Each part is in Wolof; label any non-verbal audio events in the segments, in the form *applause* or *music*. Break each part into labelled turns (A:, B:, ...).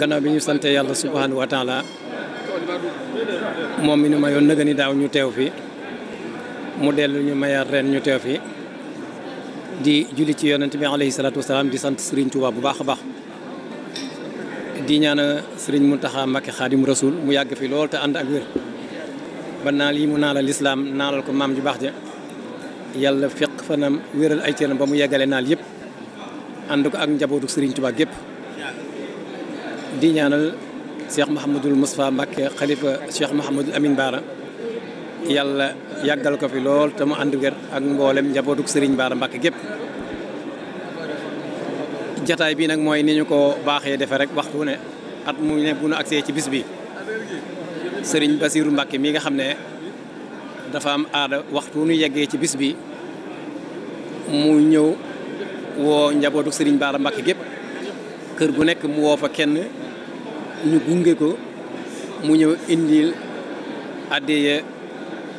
A: gannaaw bi ñu sante yàlla subhanahu wa taala moom mi ñu mayoon nëga ni daaw ñu teew fi mu dellu ñu mayaat ren ñu teew fi di julli ci yonent bi alayhi salaatu wasalaam di sant Serigne Touba bu baax a baax di ñaan mu taxa Mbacké Khadim Rasoul mu yàgg fi lool te ànd ak wér ba naal yi mu naalal lislaam naalal ko maam ju baax ja yàlla feq fanam wéral ay cëram ba mu yeggale naal yëpp ànd ko ak njabootu Serigne Touba gépp di ñaanal Cheikh Mouhamadul Moustapha Mbacké xalifa Cheikh Mouhamadul Amin Baara yàlla yàggal ko fi lool te mu ànd ak mboolem njabootuk Serigne Baara mbakk gépp jataay bii nag mooy ni ñu ko baaxee defe rek waxtu ne at mu ne bu nu agsee ci bis bi sëriñ Bassirou Mbacké mi nga xam ne dafa am aada waxtu nu yeggee ci bis bi mu ñëw woo njabootuk Serigne Baara Mbacké gépp kër gu nekk mu woo fa kenn ñu gunge ko mu ñëw indil addiya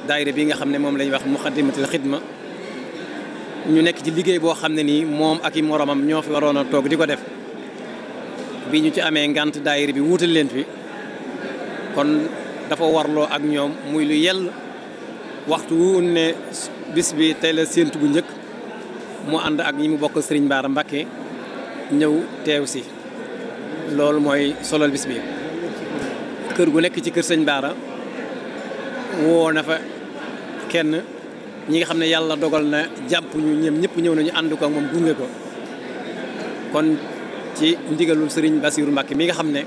A: daayira bi nga xam ne moom lañuy wax muxaddamatul xidma ñu nekk ci liggéey boo xam ne nii moom ak i moromam ñoo fi waroon a toog di ko def bi ñu ci amee ngant daayira bi wuutal leen fi kon dafa warloo ak ñoom muy lu yell waxtu wu ne bis bi tey la séentu bu njëkk mu ànd ak ñi mu bokk sëriñ Bara Mbacké ñëw teew si loolu mooy solal bis bi kër gu nekk ci kër sëñ Baara woo na fa kenn ñi nga xam ne yàlla dogal na jàpp ñu ñoom ñëpp ñëw nañu ànd ko moom gunge ko kon ci ndigalul sëriñ Basiiru Mbàkke mi nga xam ne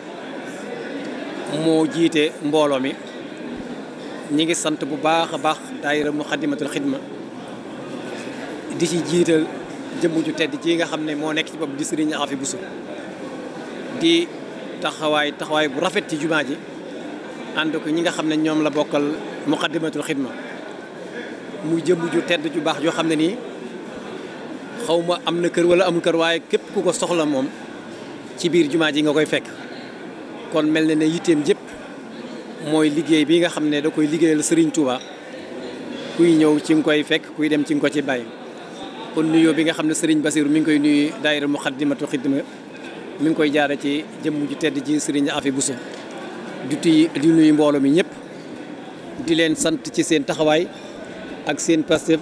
A: moo jiite mbooloo mi ñi ngi sant bu baax a baax daayira mu xaddimatul xidma di ci jiital jëmm ju tedd ji nga xam ne moo nekk ci bopp di Serigne Afi Bousso di taxawaay taxawaay bu rafet ci jumaa ji ànd ñi nga xam ne ñoom la bokkal muqaddimatul xidma mu jëmm ju tedd ju baax joo xam ne nii xaw ma am na kër wala amul kër waaye képp ku ko soxla moom ci biir jumaa ji nga koy fekk kon mel na ne yitteem jëpp mooy liggéey bi nga xam ne da koy liggéeyal sëriñ Touba kuy ñëw ci nga koy fekk kuy dem ci nga ko ci bàyyi kon nuyoo bi nga xam ne Serigne Bassirou mi ngi koy nuyu daayira Muxaddamatul Xidma mi ngi koy jaare ci jëm ju tedd ji Serigne Afi Bousso du ti di nuyu mbooloo mi ñëpp di leen sant ci seen taxawaay ak seen Pastef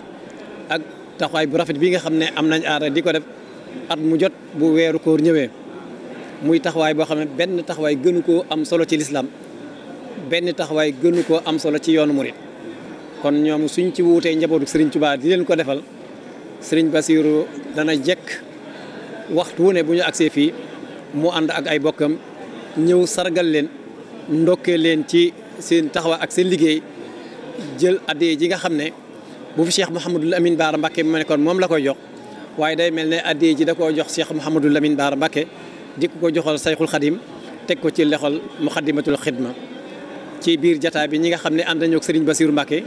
A: ak taxawaay bu rafet bi nga xam ne am nañ aada di ko def at mu jot bu weeru koor ñëwee muy taxawaay boo xam ne benn taxawaay gënu koo am solo ci lislaam benn taxawaay gënu koo am solo ci yoonu murit kon ñoom suñ ci wuutee njabootu sëriñ Touba di leen ko defal sëriñ Basiiru dana jekk waxtu wu ne bu ñu agsee fii mu ànd ak ay bokkam ñëw sargal leen ndokkee leen ci seen taxawa ak seen liggéey jël addiya ji nga xam ne bu fi Cheikh Mouhamadul Amine Baara Mbakke mu nekkoon moom la koy jox waaye day mel ne addiya ji da koo jox Cheikh Mouhamadul Amine Baara Mbakke di ko joxal Sayxul Xadim teg ko ci lexol Muxaddamatul Xidma ci biir jataa bi ñi nga xam ne ànd nañoo ak sëriñ Basiiru Mbakke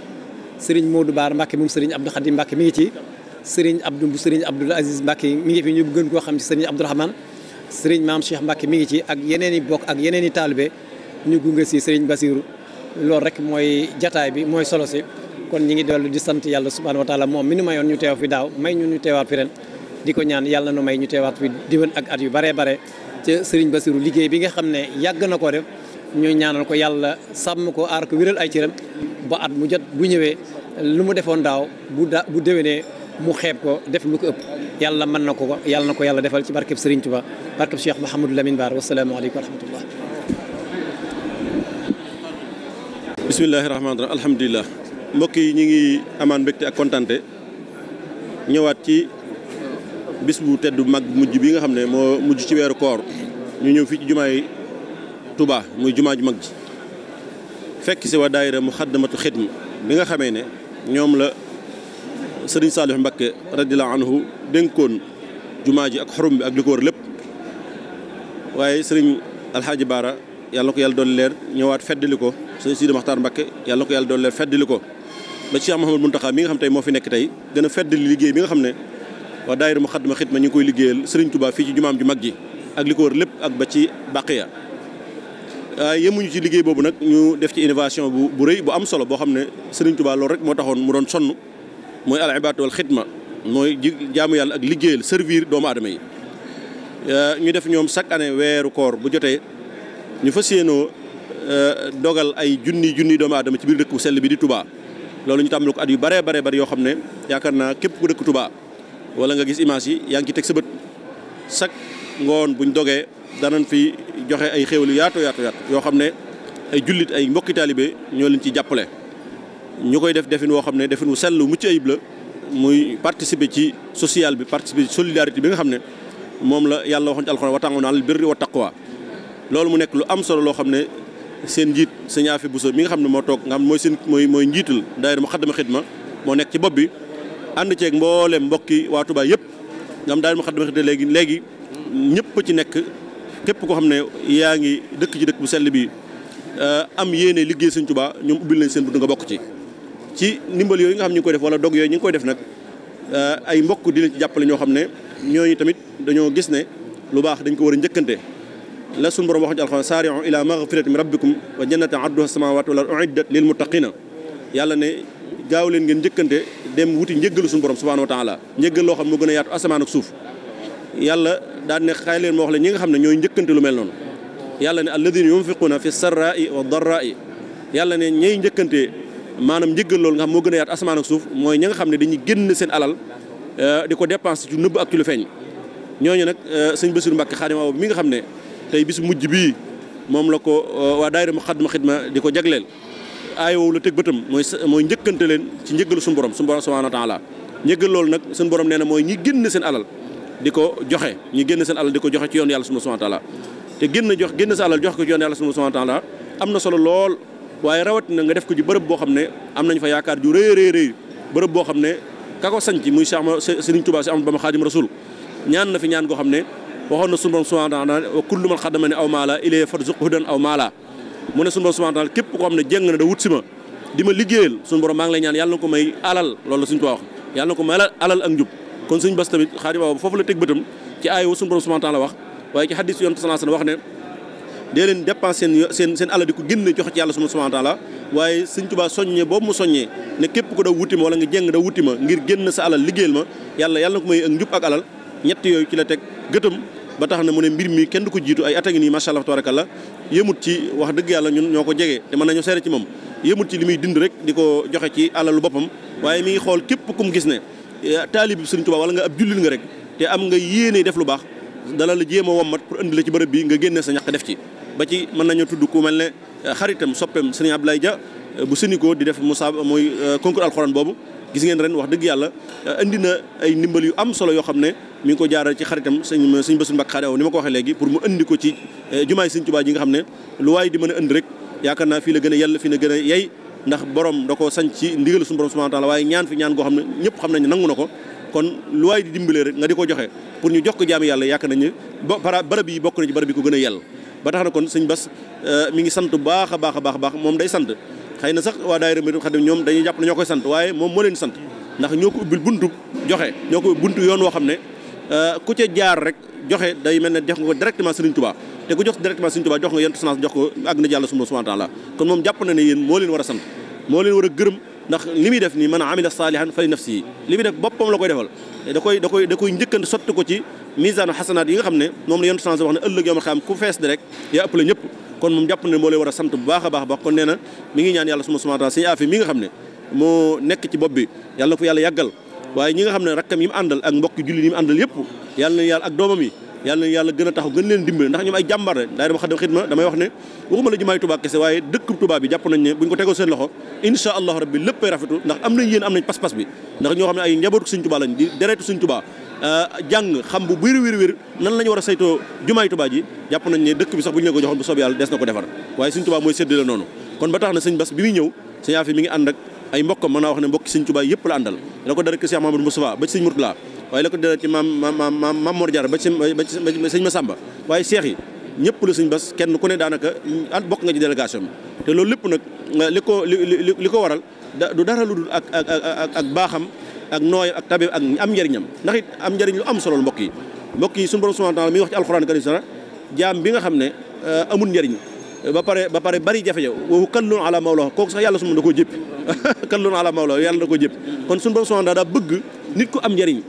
A: sëriñ Modou Baara Mbakke moom sëriñ Abdou Xadim Mbakke mi ngi ci sëriñ Abdou bu sëriñ Abdoul Aziz Mbacke mi ngi fi ñu gën koo xam ci sëriñ Abdourahmane sëriñ maam Cheikh Mbacke mi ngi ci ak yeneen i bokk ak yeneen i taalibe ñu gunge si sëriñ Basiru loolu rek mooy jataay bi mooy solo si kon ñi ngi dellu di sant yàlla subhaanahu wa taala moom mi nu mayoon ñu teew fi daaw may ñu ñu teewaat fi ren di ko ñaan yàlla nu may ñu teewaat fi diwén ak at yu baree bare ca sëriñ Basiru liggéey bi nga xam ne yàgg na ko def ñu ñaanal ko yàlla sàmm ko aar ko wéral ay cëram ba at mu jot bu ñëwee lu mu defoon da mu xeeb ko def lu ko ëpp yàlla mën na ko ko yàlla na ko yàlla defal ci barkeb Serigne Touba barkeb Cheikh Mouhamadou Lamine Bara wasalaamaaleykum wa rahmatullah
B: bismillahi rahmaani rahim alhamdulilah mbokk yi ñu ngi amaan mbégte ak kontante ñëwaat ci bis bu tedd mag mujj bi nga xam ne moo mujj ci weeru koor ñu ñëw fii ci jumaay Touba muy jumaa ju mag ji fekk si waa daayira mu xaddamatu xidma bi nga xamee ne ñoom la sëriñ Saalix Mbakke radiyallaahu anhu dénkoon jumaa ji ak xorom bi ak li lépp waaye sëriñ Alxaaji Baara yàlla ko yàlla doon leer ñëwaat feddali ko sëriñ Sidi Maxtaar Mbakke yàlla ko yàlla doon leer feddali ko ba Cheikh Mouhamadou Mountakha mi nga xam tey moo fi nekk tey gën fedd feddali liggéey bi nga xam ne waa daayira mu xaddama ma ñu ngi koy liggéeyal sëriñ Touba fii ci jumaam ju mag ji ak li lépp ak ba ci Baqiya waaye yemuñu ci liggéey boobu nag ñu def ci innovation bu bu rëy bu am solo boo xam ne sëriñ Touba rek moo taxoon mu doon sonn mooy al ibaada wal xidma mooy ji jaamu yàlla ak liggéeyal servir doomu aadama yi euh, ñu def ñoom chaque année weeru koor bu jotee ñu fas yéenoo euh, dogal ay junni junni doomu aadama ci biir dëkk bu sell bi di Touba loolu ñu tàmbali ko at yu bare bare bari yoo xam ne yaakaar naa képp ku dëkk tubaa wala nga gis image yi yaa ngi ci teg sa bët chaque ngoon buñ dogee danañ fi joxe ay xéwal yu yaatu yaatu yoo xam ne ay jullit ay mbokki taalibe ñoo leen ci jàppale ñu koy def defin woo xam ne defin wu sell mucc ayib la muy participer ci social bi participer ci solidarité bi nga xam ne moom la yàlla waxoon ci alxuraan wa ta'awanu alal birri wa taqwa loolu mu nekk lu am solo loo xam ne seen njiit sëñ bu so mi nga xam ne moo toog nga xam ne mooy seen mooy mooy njiitul daayira Muxaddama ma moo nekk ci bopp bi ànd ceeg mboolem mbokki waa Touba yëpp nga xam daayira Muxaddama Xidma léegi léegi ñëpp ci nekk képp koo xam ne yaa ngi dëkk ci dëkk bu sell bi euh, am yéene liggéey sëñ Touba ñoom ubbil nañ seen bunt nga bokk ci ci ndimbal yooyu nga xam ñu ngi koy def wala dog yooyu ñu ngi koy def nag euh, ay mbokk di ci jàppale ñoo xam ne ñooñu tamit dañoo gis ne lu baax dañ ko war a njëkkante la suñu borom wax ci alxuraan saari'u ila maghfirati min rabbikum wa jannatin arduha samawati wal ardu yàlla ne gaaw leen ngeen njëkkante dem wuti njëggalu suñu borom subhanahu wa taala njëggal loo xam moo a yaatu asamaan ak suuf yàlla daan ne xay leen moo wax ñi nga xam ne ñooy njëkkante lu mel noonu yàlla ne alladina yunfiquna fi sarra'i wa darra'i yàlla ne ñay njëkkante maanaam njëggal lool nga xam moo gën a yaat asamaan ak suuf mooy ñi nga xam ne dañuy génn seen alal eh, di ko dépense ci nëbb ak ci lu feeñ ñooñu nag eh, sëñ Bassirou Mbacké Xaadim Awa mi nga xam ne tey bis mujj bii moom la ko eh, waa daayira Muxaddamatul Xidma di ko jagleel aayowoo la teg bëtam mooy mooy njëkkante leen ci njëggalu suñu borom suñu borom subhanahu wa taala njëggal loolu nag suñu borom nee na mooy ñi génn seen alal di ko joxe ñi génn seen alal di ko joxe ci yoon yàlla suma wa taala te génn jox génn sa alal ko ci yoon yàlla subhanahu wa taala am na solo lool waaye rawatina nga def ko ci bërëb boo xam ne am nañ fa yaakaar ju rëy rëy bërëb boo xam ne ka ko sanc muy Cheikh Serigne Touba si Ahmadou Bamba Xaadim Rasul ñaan na fi ñaan goo xam ne waxoon na sunu borom subhanahu wa taala wa kullu man xaddama ne aw maala ilay farzuq hudan aw maala mu ne sunu borom képp koo xam ne jéng na da wut ma di ma liggéeyal sunu borom maa ngi lay ñaan yàlla na ko may alal loolu la suñu Tuubaa wax yàlla na ko may alal ak njub kon suñ bas tamit xaadim foofu la teg bëtam ci aaya wu sunu borom subhanahu wa taala wax waaye ci hadis wax ne dee leen dépense seen seen seen alal di ko génne joxe ci yàlla subhaanahu wa taala waaye sëñ Tuubaa soññee boobu mu soññee ne képp ko daw wuti ma wala nga jéng wuti ma ngir génn sa alal liggéeyal ma yàlla yàlla na ko may ak yooyu ci teg gëtëm ba tax na mu ne mbir mi kenn du ko jiitu ay at a ngi nii macha allah tabarakallah wax dëgg yàlla ñun ñoo ko jege te mën nañu seere ci moom yëmut ci li muy dind rek di joxe ci alalu boppam waaye mi ngi xool képp ku mu gis ne eh, taalib bi sëñ Tuubaa wala nga ab nga rek te am nga yéene def lu baax dala la jéem a wommat pour indi la ci bërëb bi nga génne sa ñaq def ci ba ci mën nañu tudd ku mel ne euh, xaritam soppeem sëriñ Abdoulaye Dia euh, bu Sénico di def mu Moussa mooy euh, concours alxuraan boobu gis ngeen ren wax dëgg yàlla indi na ay ndimbal yu am solo yoo xam ne mi ngi ko jaaral ci xaritam sëñ sëñ Bassirou Mbacké Khady Awa ni ma ko waxee léegi pour mu indi ko ci jumaay sëñ Tuubaa ji ne lu waay di mën a indi rek yaakaar naa fii la gën a fii la gën a yey ndax borom da ko sañ ci ndigal suñu waaye ñaan fi ñaan goo xam ne ñëpp xam nañ nangu na ko kon lu waay di dimbalee rek nga di ko joxe pour ñu jox ko jaami yàlla yaakaar nañu ba barab yi bokk na ci barab yi ko gën a yell ba tax na kon sëñ bas euh, mi ngi sant baax a baax a baax moom day sant xëy na sax waa daayira Médinatoul Khadim ñoom dañuy jàpp ne ñoo koy sant waaye moom moo leen sant ndax ñoo ko ubbil buntu joxe ñoo ko bunt yoon woo xam ne euh, ku ca jaar rek joxe day mel ne jox nga ko directement Serigne Touba te ku jox directement Serigne Touba jox nga yentu sens jox ko àgg na Yàlla subhanahu wa ta'ala kon moom jàpp na ne yéen moo leen war a sant moo leen war a gërëm ndax li muy def nii man amila saalihan fali nafsi li muy def boppam la koy defal da koy da koy da koy njëkkante sotti ko ci misaanu xasanaat yi nga xam ne moom la yontu sens wax ne ëllëg yoomal xam ku fees di rek yaa ëppale ñëpp kon moom jàpp ne moo lay a sant baax a baax baax kon nee na mi ngi yàlla suma subhaanahu wa nga xam ne moo nekk ci bopp bi yàlla na yàlla yàggal waaye ñi nga xam ne rakkam yi mu àndal ak mbokki jullit yi mu àndal yëpp yàlla na yàlla ak doomam yi yàlla gën a taxaw gën leen dimbale ndax ñoom ay jàmbaar la daay dama la jumaay Tuubaa kese bi jàpp nañ a saytoo jumaay Tuubaa ji dëkk bi sax bu ñu leen ko joxoon bu soob yàlla des na ko defar waaye Sëñ Tuubaa mooy séddale noonu kon ba tax na sëñ Bass bi muy ñëw sëñ Afi ngi ànd ak ay mbokkam mën naa wax ne mbokki Sëñ Tuubaa yëpp la àndal da ko dara ke Cheikh Mamadou Moustapha ba Sëñ Murtala waaye la ko dala ci maam maam maam maam Mor Diarra ba ci ba ci sëñ Massamba waaye seex yi ñëpp la sëñ Bass kenn ku ne daanaka at ah bokk nga ci délégation bi te loolu lépp nag li ko li li ko waral du dara lu dul ak ak ak ak baaxam ak nooy ak tabe ak am njëriñam ndax it am njëriñ lu am solo mbokk yi mbokk yi suñu borom subhanahu wa taala mi wax ci alxuraan karim sana jaam bi nga xam ne euh, amul njëriñ ba pare ba pare bari jafe-jafe woowu kallun ala mawla kooku sax yàlla su ma da koo jëpp *laughs* kallun ala mawla yàlla da koo jëpp kon suñu borom subhanahu wa taala daa bëgg nit ku am njëriñ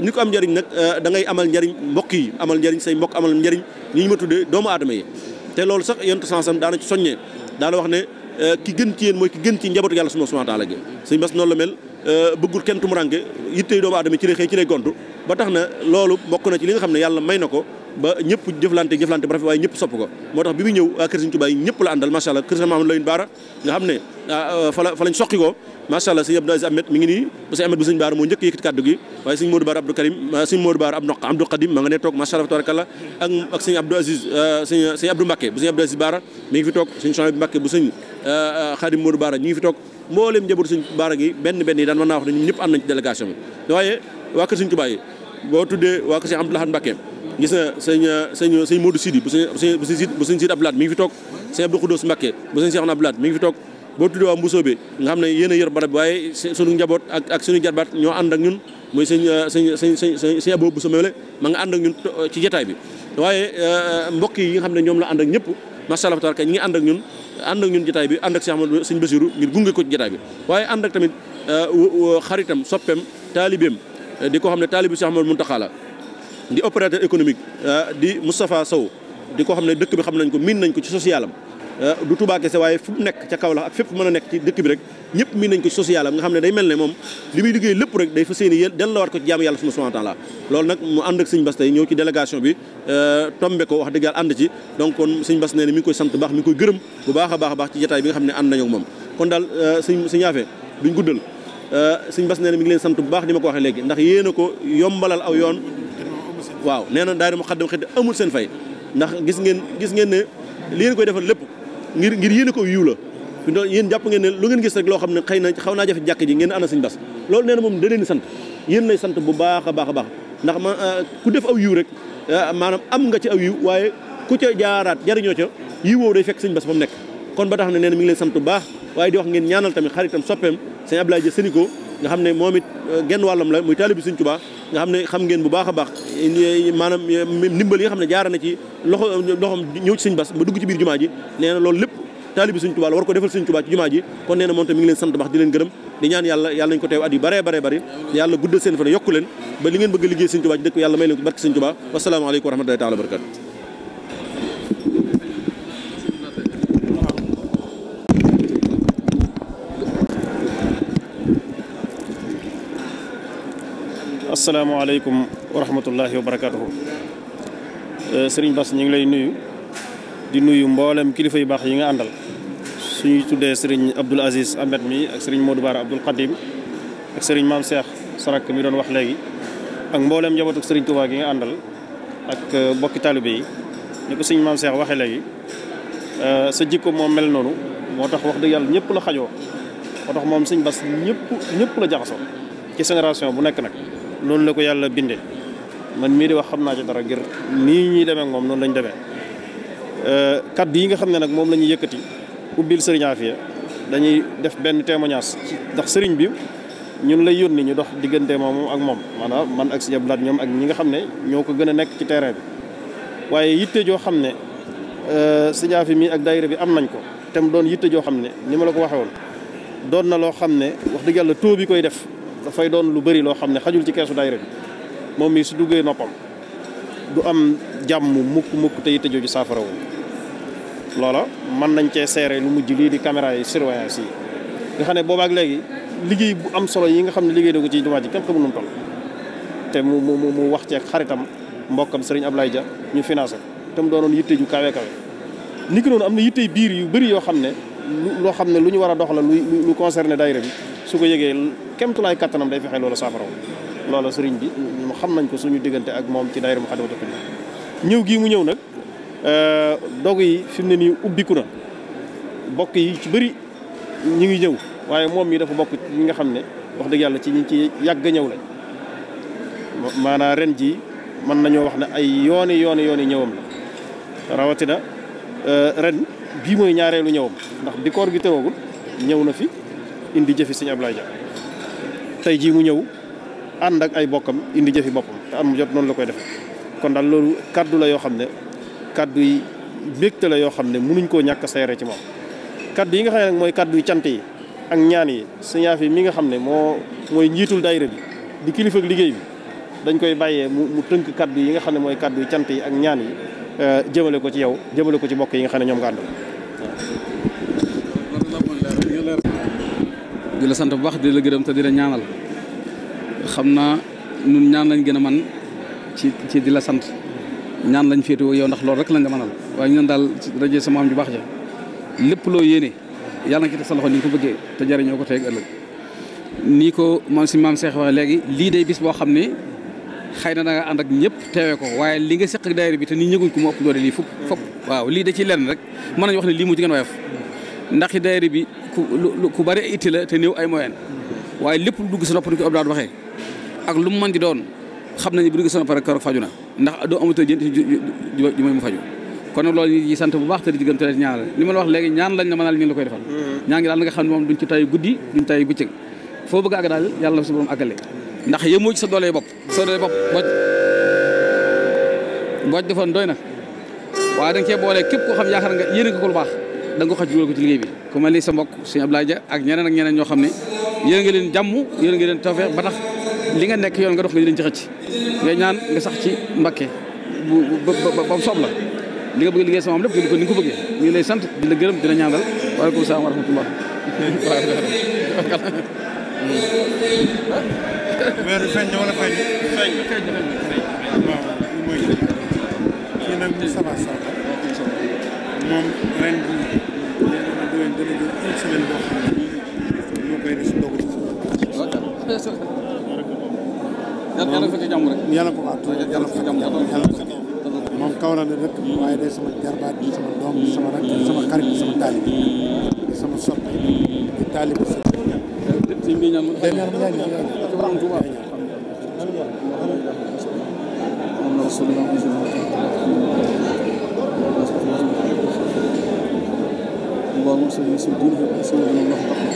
B: ni euh, ko am njëriñ nag euh, da ngay amal njariñ mbokk yi amal njëriñ say mbokk amal njëriñ ñi ñu ma tuddee doomu aadama yi te loolu sax yentu sansam daana ci soññee daana wax ne euh, ki gën ci yéen mooy ki gën ci njabootu yàlla subhaanahu wa taala gi suñ bas noonu la mel bëggul kenn tumuranke yittey doomu aadama ci lay xëy ci lay gontu ba tax na loolu bokk na ci li nga xam ne yàlla may na ko ba ñëpp jëflante jëflante bu rafet waaye ñëpp sopp ko moo tax bi mu ñëw waa kër Sëriñ Tuubaa ñëpp la àndal macha allah kër Sëriñ Mamadou Lamine Baara ah, euh, mi ngi nii sëñ moo njëkk yëkkati kàddu gi waaye sëñ Modou Baara Abdou Karim ah, sëñ Modou Baara Abdou Abdou Kadim ma nga ne toog macha allah tabarakallah bu sëñ Abdou Aziz ah, Baara mi ngi fi toog sëñ Chouaib Mbacké bu sëñ ngi benn benn yi daan mën naa wax ne ñun ñëpp ànd waa kër Sëriñ Tuubaa boo tuddee waa kër Sëriñ Abdou Lahad Mbacké gis na sëñ sëñ sëñ Modou Sidi bu sëñ bu ab Sidi mi ngi fi toog sëñ Abdou Khoudous Mbacké bu sëñ Cheikhouna Abdoulaat mi ngi fi toog boo tuddee waa Mbusoobe nga xam ne yéen a yor waaye suñu njaboot ak ak suñu jarbaat ñoo ànd ak ñun muy sëñ sëñ sëñ sëñ sëñ Abou Bousso Mewle ma nga ànd ak ñun ci jataay bi waaye euh, mbokk yi nga xam ne ñoom la ànd ak ñëpp macha allah tabaraka ñi ngi ànd ak ñun ànd ak ñun jataay bi ànd ak Cheikh Ahmadou sëñ ngir gunge ko ci jataay bi waaye ànd ak tamit euh, xaritam soppeem taalibeem di koo xam ne taalibu Cheikh mun Mountakha la di opérateur économique ah, di Moustapha Sow di ko xam ne dëkk bi xam nañ ko miin nañ ko ci social am ah, du Touba kese waaye fu mu nekk ca Kaolack ak fépp mën a nekk ci dëkk bi rek ñëpp miin nañ ko ci social nga xam ne day mel ne moom li muy liggéey lépp rek day fas yéene yéen delloowaat ko ci jaamu yàlla subhaanahu wa taala loolu nag mu ànd ak sëñ Bass tey ñëw ci délégation bi ah, tombe ko wax dëgg ànd ci donc kon sëñ Bass nee na mi ngi koy sant baax mi ngi koy gërëm bu baax a baax a baax bi nga xam ne ànd nañu ak moom kon daal sëñ sëñ Yaafe duñ guddal sëñ Bass nee na mi ngi leen sant bu di ma ko waxee léegi ndax yéen a ko yombalal aw yoon waaw nee na daayira Muxaddamatul Xidma amul seen fay ndax gis ngeen gis ngeen ne li ngeen koy defal lépp ngir ngir yéen a ko yiw la yéen jàpp ngeen lu ngeen gis rek loo xam ne xëy na xaw naa jafe jàkk ji ngeen ana Sëñ Bass loolu nee moom da sant yéen lay sant bu baax a baax a baax ndax ma euh, ku def a yiw rek euh, maanaam am nga ci aw yiw waaye ku ca jaaraat jariñoo ca yiw woowu day fekk Sëñ Bass ba mu nekk kon ba tax na nee na mi ngi leen sant bu baax waaye di wax ngeen ñaanal tamit xaritam soppeem Sëñ Abdoulaye Dia Seniko nga xam ne moom it euh, genn wàllam la muy taalibi Sëriñ Tuubaa nga xam ne xam ngeen bu baax a baax maanaam euh, ndimbal yi nga xam ne jaara na ci loxo loxoom ñëw ci Sëriñ Bass ba dugg ci biir jumaa ji nee na loolu lépp taalibi Sëriñ Tuubaa la war ko defal Sëriñ Tuubaa jumaa ji kon nee moom tam mi leen sant baax di leen gërëm di ñaan yàlla yàlla nañ ko teew at yu bare bare bari yàlla guddal seen fan yokku leen ba li ngeen bëgg a liggéey Sëriñ Tuubaa ci yàlla may leen ko barke
C: asalaamaaleykum wa rahmatullahi wa barakaatuhu euh, sëriñ Bass ñu ngi lay nuyu di nuyu mboolem kilifa yu baax yi nga àndal suñuy tuddee sëriñ Abdoul Aziz Ahmed mi ak sëriñ Modou Bara Abdoul ak sëriñ Maam Cheikh Sarak mi doon wax léegi ak mboolem njabootu sëriñ Touba gi nga àndal ak euh, bokki taalibe yi ni ko sëriñ Maam Cheikh waxee léegi euh, sa jikko moom mel noonu moo tax wax dëgg yàlla ñëpp la xajoo moo tax moom sëriñ Bass ñëpp ñëpp la jaxasoo ci génération bu nekk nag noonu la ko yàlla bindee man mii de wax xam naa ci dara ngir nii ñuy demee moom noonu lañ demee euh, kaddu yi nga xam ne nag moom la ñuy yëkkati ubbil sëriñ Afia dañuy def benn témoignage ndax sëriñ bi ñun lay yónni ñu dox diggante moom ak moom maanaam man ak Sëriñ Abdou Lahad ñoom ak ñi nga xam ne ñoo ko gën a nekk ci terrain bi waaye yitte joo xam ne euh, sëriñ Afia mi ak daayira bi am nañ ko te mu doon yitte joo xam ne ni ma la ko waxee woon doon na loo xam ne wax dëgg yàlla taux bi koy def dafay doon lu bëri loo xam ne xajul ci keesu daayira bi moom mii su duggee noppam du am jàmm mukk mukk te yitte jooju saafara wu loola mën nañ cee seere lu mujj lii di caméra yi surveillance yi nga xam ne boobaak léegi liggéey bu am solo yi nga xam ne liggéey na ko ci jumaa ji kenn xamul nu mu toll te mu mu mu wax ceeg xaritam mbokkam sëriñ Ablaye Dia ñu finance te mu doonoon yitte ju kawe kawe ni ki noonu am na yittey biir yu bëri yoo xam ne loo xam ne lu ñu war a dox la lu concerné daayira bi kemtulaay kattanam day fexe loolu saafara loolu sëriñ bi mu xam nañ ko suñu diggante ak moom ci daayira Moukhaddamatoul Khidma ñëw gii mu ñëw nag euh, dogu yi fi mu ne nii ubbiku na bokk yi ci bëri ñu ngi ñëw waaye moom mii dafa bokk ñi nga xam ne wax dëgg yàlla ci ñi ci yàgg ñëw lañ maanaa ren ji mën nañoo wax ne ay yooni yooni yooni ñëwam la rawatina euh, ren bii mooy ñaareelu ñëwam ndax bi koor gi tëwoogul ñëw na fi indi jëfi sëñ Ablaye Dia tey jii mu ñëw ànd ak ay bokkam indi jëfi boppam te am jot noonu la koy defee kon daal loolu kàddu la yoo xam ne kàddu yi mbégte la yoo xam ne munuñ koo ñàkk seere ci moom kaddu yi nga xam ne nag mooy kàddu yi cant yi ak ñaan yi sañaaf mi nga xam ne moo mooy njiitul daayira bi di kilifa liggéey bi dañ koy bàyyee mu mu tënk kaddu yi nga xam ne mooy kaddu yi cant yi ak ñaan yi euh, jëmale ko ci yow jëmale ko ci bokk yi nga xam ne ñoom nga àndal
D: di la sant bu baax di la gërëm te di la ñaanal xam naa ñun ñaan lañ gën a man ci ci di la sant ñaan lañ féetewoo yow ndax loolu rek la nga mënal waaye ñun daal rajo sama am ju baax ja lépp loo yéene yàlla nga ci teg sa loxo ni nga ko bëggee te jariñoo ko teeg ëllëg nii ko man si maam Seex waxee léegi lii day bis boo xam ne xëy na da nga ànd ak ñëpp teewee ko waaye li nga seq ak bi te nii ñëguñ ko mu ëpp doole lii fop fop waaw lii da ci lenn rek mën nañu wax ne lii mu gën a ku ku bari a la te néew ay moyen waaye lépp lu dugg sa nopp ni ko Abdoulaye waxee ak lu mu mën di doon xam nañu bu dugg sa nopp rek keroog faju na ndax doo amatoo a ju may mu faju kon nag loolu bu baax te di li ma la léegi ñaan lañ la mënal ñu la koy defal mm-hmm. ñaa ngi daal nga xam ne moom duñ ci tay guddi duñ tay bëccëg foo bëgg àgg daal yàlla na su borom àggale ndax yemoo ci sa doole bopp sa doole bopp boo boo defoon na waaye da nga cee boole képp koo xam yaakaar nga yéene ko lu baax da nga ko xaj dugal ko ci liggéey bi ku mel sa mbokk sëñ Abdoulaye Dia ak ñeneen ak ñeneen ñoo xam ne yéen nga leen jàmm yéen nga leen tawfeex ba tax li nga nekk yoon nga dox nga di leen ci xëcc ngay ñaan nga sax ci Mbacké bam soob la li nga bëgg liggéey sama am lépp ko ni nga ngi lay sant di la gërëm di la ñaanal waaleykum salaam wa rahmatullah
C: *laughs* weeru feeñ wala feeñ feeñ moom ren dinañ dina jël une semaine boo
D: xam ne moo koy def ndogu ci suuf. yàlla ko fa jàmm rek. yàlla ko fa yàlla ko fa jàmm moom Kaolack la dëkk waaye day sama jarbaat bi sama doom bi sama rakk sama xarit bi sama taalib bi sama soppe di taalib bi sa. boobu suñu suñu suñu dund suñu dund moo ko tax